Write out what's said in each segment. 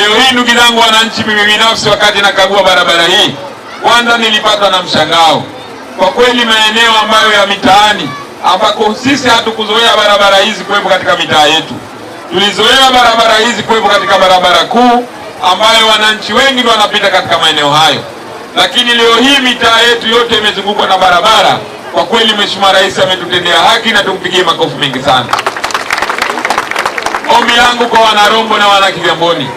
Leo hii ndugu zangu wananchi, mimi binafsi wakati nakagua barabara hii, kwanza nilipatwa na mshangao kwa kweli, maeneo ambayo ya mitaani ambako sisi hatukuzoea barabara hizi kuwepo katika mitaa yetu. Tulizoea barabara hizi kuwepo katika barabara kuu ambayo wananchi wengi ndio wanapita katika maeneo hayo, lakini leo hii mitaa yetu yote imezungukwa na barabara. Kwa kweli, Mheshimiwa Rais ametutendea haki na tumpigie makofi mengi sana. Ombi langu kwa Wanarombo na Wanakigamboni,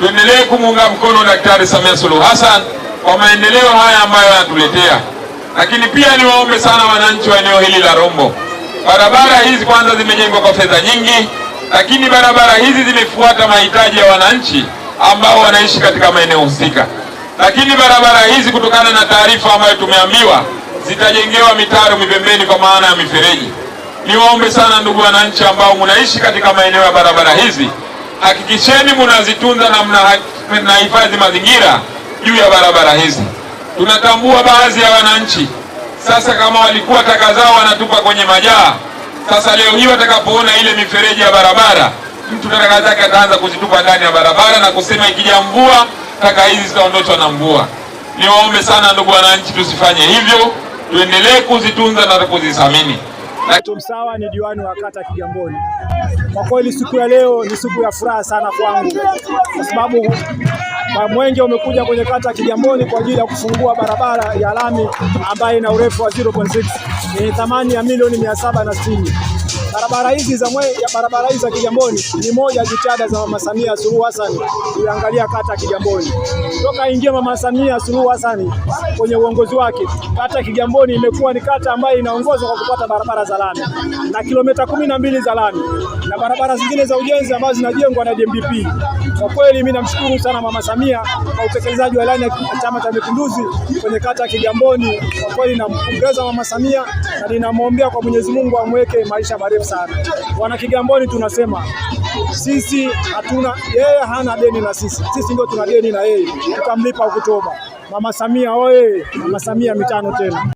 tuendelee kumuunga mkono Daktari Samia Suluhu Hassan kwa maendeleo haya ambayo yanatuletea. Lakini pia niwaombe sana wananchi wa eneo hili la Rombo, barabara hizi kwanza zimejengwa kwa fedha nyingi, lakini barabara hizi zimefuata mahitaji ya wananchi ambao wanaishi katika maeneo husika. Lakini barabara hizi kutokana na taarifa ambayo tumeambiwa zitajengewa mitaro mipembeni kwa maana ya mifereji. Niwaombe sana ndugu wananchi ambao mnaishi katika maeneo ya barabara hizi hakikisheni munazitunza na mnahifadhi mazingira juu ya barabara hizi. Tunatambua baadhi ya wananchi sasa, kama walikuwa taka zao wanatupa kwenye majaa, sasa leo hii watakapoona ile mifereji ya barabara, mtu taka zake ataanza kuzitupa ndani ya barabara na kusema ikija mvua taka hizi zitaondoshwa na mvua. Niwaombe sana ndugu wananchi, tusifanye hivyo, tuendelee kuzitunza na kuzithamini. Tumsawa ni diwani wa kata Kigamboni. Kwa kweli siku ya leo ni siku ya furaha sana kwangu, kwa sababu mwenge umekuja kwenye kata ya Kigamboni kwa ajili ya kufungua barabara ya lami ambayo ina urefu wa 0.6 yenye thamani ya milioni mia saba na sitini. Barabara hizi za barabara hizi za Kigamboni ni moja ya jitihada za Mama Samia Suluhu Hassan kuangalia kata ya Kigamboni. Toka ingia Mama Samia Suluhu Hassan kwenye uongozi wake, kata ya Kigamboni imekuwa ni kata ambayo inaongozwa kwa kupata barabara za lami na kilomita kumi na mbili za lami na barabara zingine za ujenzi ambazo zinajengwa na DMDP. Kwa kweli mimi namshukuru sana Mama Samia kwa utekelezaji wa ilani ya Chama cha Mapinduzi kwenye kata ya Kigamboni. Kwa kweli nampongeza Mama Samia na ninamwombea kwa Mwenyezi Mungu amweke maisha marefu sana. Wana Kigamboni tunasema sisi hatuna, yeye hana deni na sisi, sisi ndio tuna deni na yeye, tutamlipa Oktoba. Mama Samia oye! Mama Samia mitano tena.